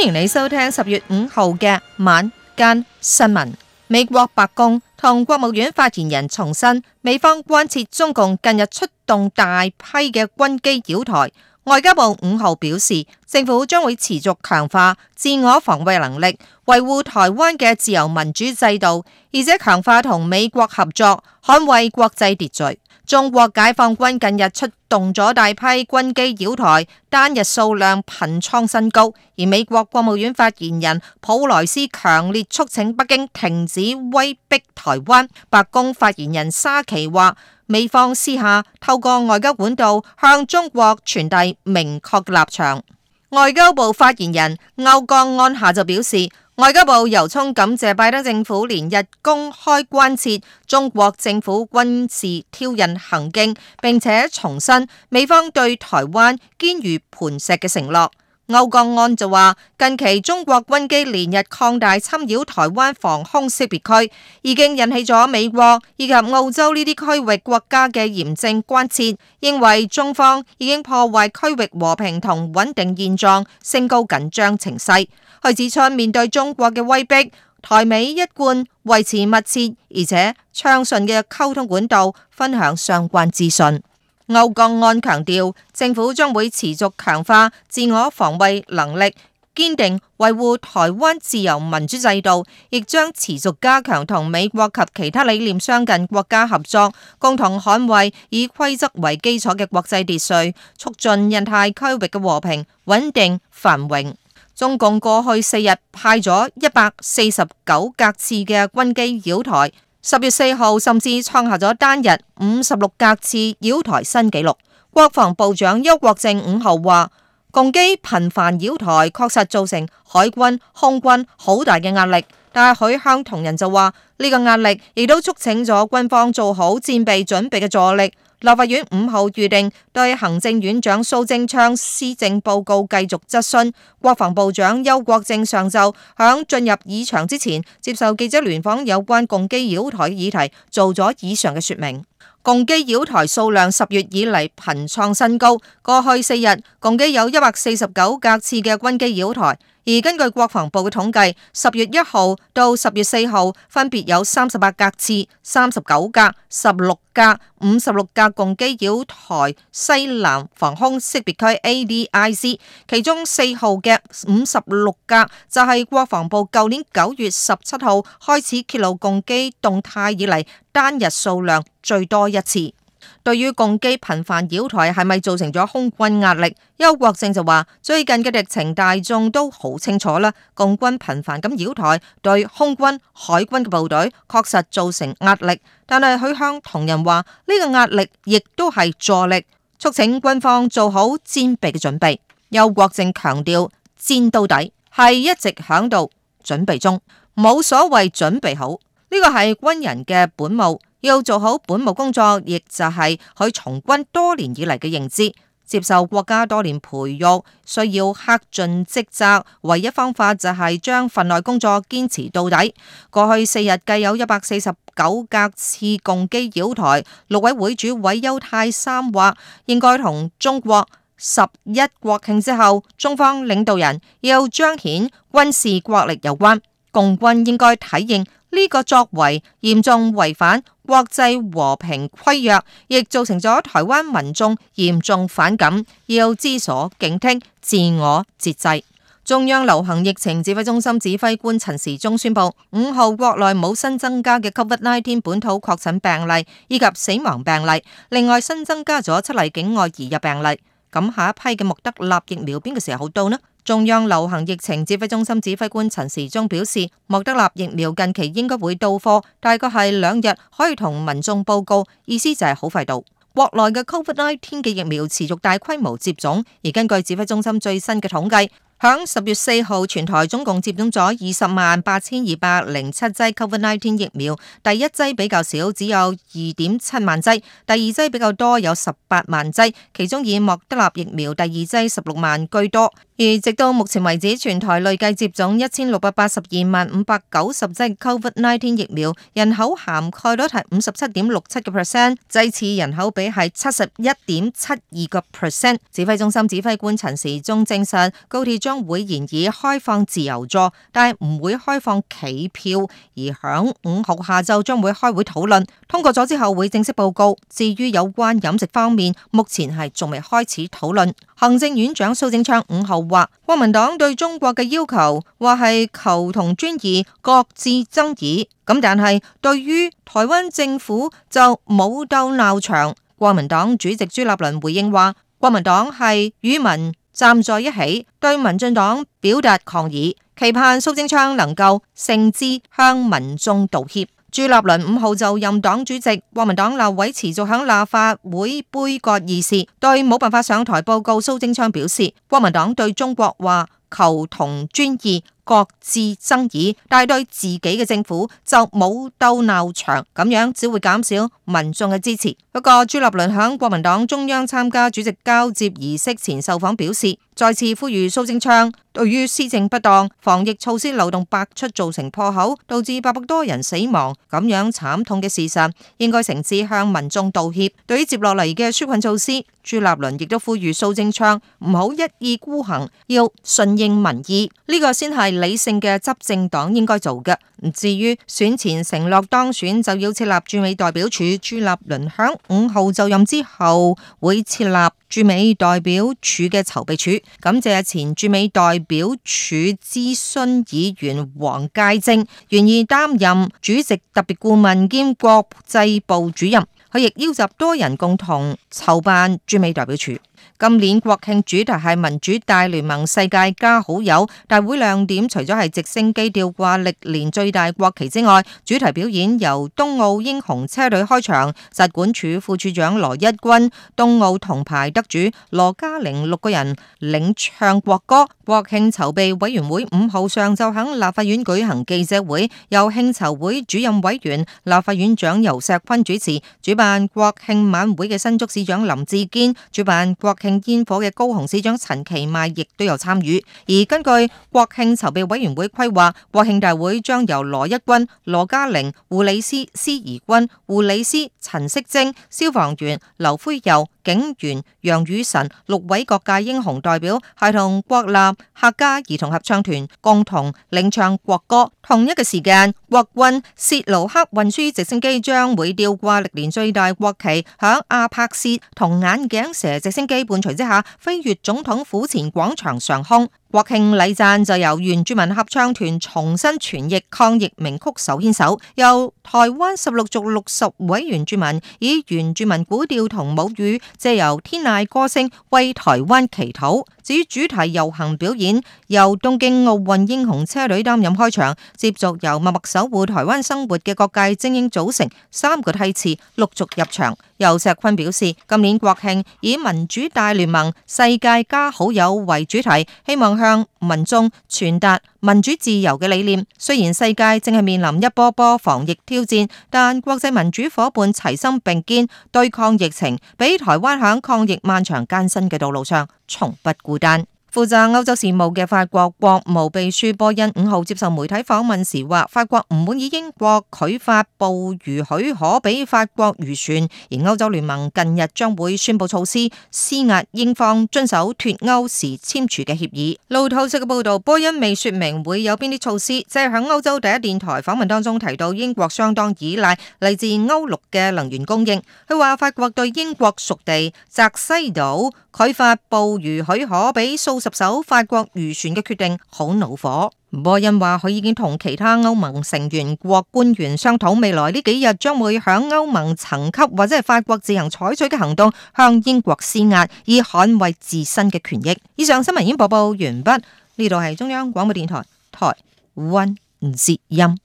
歡迎你收聽十月五號嘅晚間新聞。美國白宮同國務院發言人重申，美方關切中共近日出動大批嘅軍機擾台。外交部五號表示，政府將會持續強化自我防衛能力，維護台灣嘅自由民主制度，而且強化同美國合作，捍衛國際秩序。中國解放軍近日出動咗大批軍機擾台，單日數量頻創新高，而美國國務院發言人普萊斯強烈促請北京停止威逼台灣。白宮發言人沙奇話。美方私下透過外交管道向中國傳遞明確立場。外交部發言人歐江安夏就表示，外交部由衷感謝拜登政府連日公開關切中國政府軍事挑釁行徑，並且重申美方對台灣堅如磐石嘅承諾。歐國安就話，近期中國軍機連日擴大侵擾台灣防空識別區，已經引起咗美國以及澳洲呢啲區域國家嘅嚴正關切，認為中方已經破壞區域和平同穩定現狀，升高緊張情勢。佢指出，面對中國嘅威逼，台美一貫維持密切而且暢順嘅溝通管道，分享相關資訊。歐江安強調，政府將會持續強化自我防衛能力，堅定維護台灣自由民主制度，亦將持續加強同美國及其他理念相近國家合作，共同捍衛以規則為基礎嘅國際秩序，促進印太區域嘅和平穩定繁榮。中共過去四日派咗一百四十九架次嘅軍機擾台。十月四號甚至創下咗單日五十六架次擾台新紀錄。國防部長邱國正五號話，共機頻繁擾台確實造成海軍、空軍好大嘅壓力。但係佢向同仁就話呢個壓力亦都促請咗軍方做好戰備準備嘅助力。立法院五號預定對行政院長蘇貞昌施政報告繼續質詢。國防部長邱國正上晝響進入議場之前，接受記者聯訪，有關共機擾台嘅議題，做咗以上嘅說明。共機擾台數量十月以嚟頻創新高，過去四日共機有一百四十九架次嘅軍機擾台。而根據國防部嘅統計，十月一號到十月四號，分別有三十八架次、三十九架、十六架、五十六架共機擾台西南防空識別區 ADIC，其中四號嘅五十六架就係國防部舊年九月十七號開始揭露共機動態以嚟單日數量最多一次。對於共機頻繁擾台係咪造成咗空軍壓力？邱國正就話：最近嘅敵情大眾都好清楚啦，共軍頻繁咁擾台對空軍、海軍嘅部隊確實造成壓力。但係佢向同仁話呢個壓力亦都係助力，促請軍方做好戰備嘅準備。邱國正強調，戰到底係一直響度準備中，冇所謂準備好，呢個係軍人嘅本務。要做好本務工作，亦就係佢從軍多年以嚟嘅認知，接受國家多年培育，需要恪盡職責。唯一方法就係將份內工作堅持到底。過去四日計有一百四十九架次共機繞台，陸委會主委邱太三話，應該同中國十一國慶之後，中方領導人要彰顯軍事國力有關，共軍應該體認。呢個作為嚴重違反國際和平規約，亦造成咗台灣民眾嚴重反感，要知所警惕，自我節制。中央流行疫情指揮中心指揮官陳時中宣布，五號國內冇新增加嘅 COVID-19 本土確診病例以及死亡病例，另外新增加咗七例境外移入病例。咁下一批嘅莫德納疫苗邊個時候到呢？中央流行疫情指揮中心指揮官陳時中表示，莫德納疫苗近期應該會到貨，大概係兩日可以同民眾報告，意思就係好快到。國內嘅 covid nineteen 嘅疫苗持續大規模接種，而根據指揮中心最新嘅統計，響十月四號全台總共接種咗二十萬八千二百零七劑 covid nineteen 疫苗，第一劑比較少，只有二點七萬劑，第二劑比較多，有十八萬劑，其中以莫德納疫苗第二劑十六萬居多。而直到目前為止，全台累計接種一千六百八十二萬五百九十劑 COVID-19 疫苗，人口涵蓋率係五十七點六七個 percent，劑次人口比係七十一點七二個 percent。指揮中心指揮官陳時中證實，高鐵將會延遲開放自由座，但係唔會開放企票，而響五號下晝將會開會討論，通過咗之後會正式報告。至於有關飲食方面，目前係仲未開始討論。行政院長蘇貞昌五號。話國民黨對中國嘅要求，話係求同尊異，各自爭議。咁但係對於台灣政府就冇鬥鬧場，國民黨主席朱立倫回應話：，國民黨係與民站在一起，對民進黨表達抗議，期盼蘇貞昌能夠誠摯向民眾道歉。朱立倫五號就任黨主席，國民黨立委持續響立法會杯葛議事，對冇辦法上台報告蘇貞昌表示，國民黨對中國話求同尊異。各自爭議，但係對自己嘅政府就冇鬥鬧場咁樣，只會減少民眾嘅支持。不過朱立倫響國民黨中央參加主席交接儀式前受訪表示，再次呼籲蘇貞昌對於施政不當、防疫措施漏洞百出造成破口，導致八百多人死亡咁樣慘痛嘅事實，應該誠摯向民眾道歉。對於接落嚟嘅紓困措施，朱立倫亦都呼籲蘇貞昌唔好一意孤行，要順應民意，呢、這個先係。理性嘅執政黨應該做嘅。唔至於選前承諾當選就要設立駐美代表處。朱立倫響五號就任之後會設立駐美代表處嘅籌備處。感謝前駐美代表處諮詢議員黃介正願意擔任主席特別顧問兼國際部主任。佢亦邀集多人共同籌辦駐美代表處。今年國慶主題係民主大聯盟世界加好友。大會亮點除咗係直升機吊掛歷年最大國旗之外，主題表演由東奧英雄車隊開場。疾管署副署長羅一鈞、東奧銅牌得主羅嘉翎六個人領唱國歌。國慶籌備委員會五號上晝喺立法院舉行記者會，由慶籌會主任委員、立法院長游錫堃主持，主辦國慶晚會嘅新竹市長林志堅，主辦國慶。慶煙火嘅高雄市長陳其邁亦都有參與，而根據國慶籌備委員會規劃，國慶大會將由羅一鈞、羅嘉翎、護理師、施怡君、護理師、陳式貞、消防員劉輝柔。警員楊宇辰六位各界英雄代表，係同國立客家兒童合唱團共同領唱國歌。同一個時間，國軍契努克運輸直升機將會吊掛歷年最大國旗，響阿帕契同眼鏡蛇直升機伴隨之下，飛越總統府前廣場上空。國慶禮讚就由原住民合唱團重新傳譯抗疫名曲，手牽手，由台灣十六族六十位原住民以原住民古調同母語，借由天籟歌聲為台灣祈禱。至於主題遊行表演，由東京奧運英雄車隊擔任開場，接續由默默守護台灣生活嘅各界精英組成三個梯次陸續入場。游錫堃表示，今年國慶以民主大聯盟、世界加好友為主題，希望，向民眾傳達民主自由嘅理念。雖然世界正係面臨一波波防疫挑戰，但國際民主夥伴齊心並肩對抗疫情，俾台灣響抗疫漫長艱辛嘅道路上從不孤單。負責歐洲事務嘅法國國務秘書波恩五號接受媒體訪問時話，法國唔滿意英國拒發捕魚許可俾法國漁船，而歐洲聯盟近日將會宣布措施施壓英方遵守脱歐時簽署嘅協議。路透社嘅報道，波恩未說明會有邊啲措施，只係喺歐洲第一電台訪問當中提到英國相當依賴嚟自歐陸嘅能源供應。佢話法國對英國屬地澤西島，佢發布捕魚許可俾數十艘法國漁船嘅決定，好惱火。波恩話佢已經同其他歐盟成員國官員商討，未來呢幾日將會響歐盟層級或者係法國自行採取嘅行動，向英國施壓，以捍衛自身嘅權益。以上新聞已經播報完畢，呢度係中央廣播電台台灣之音。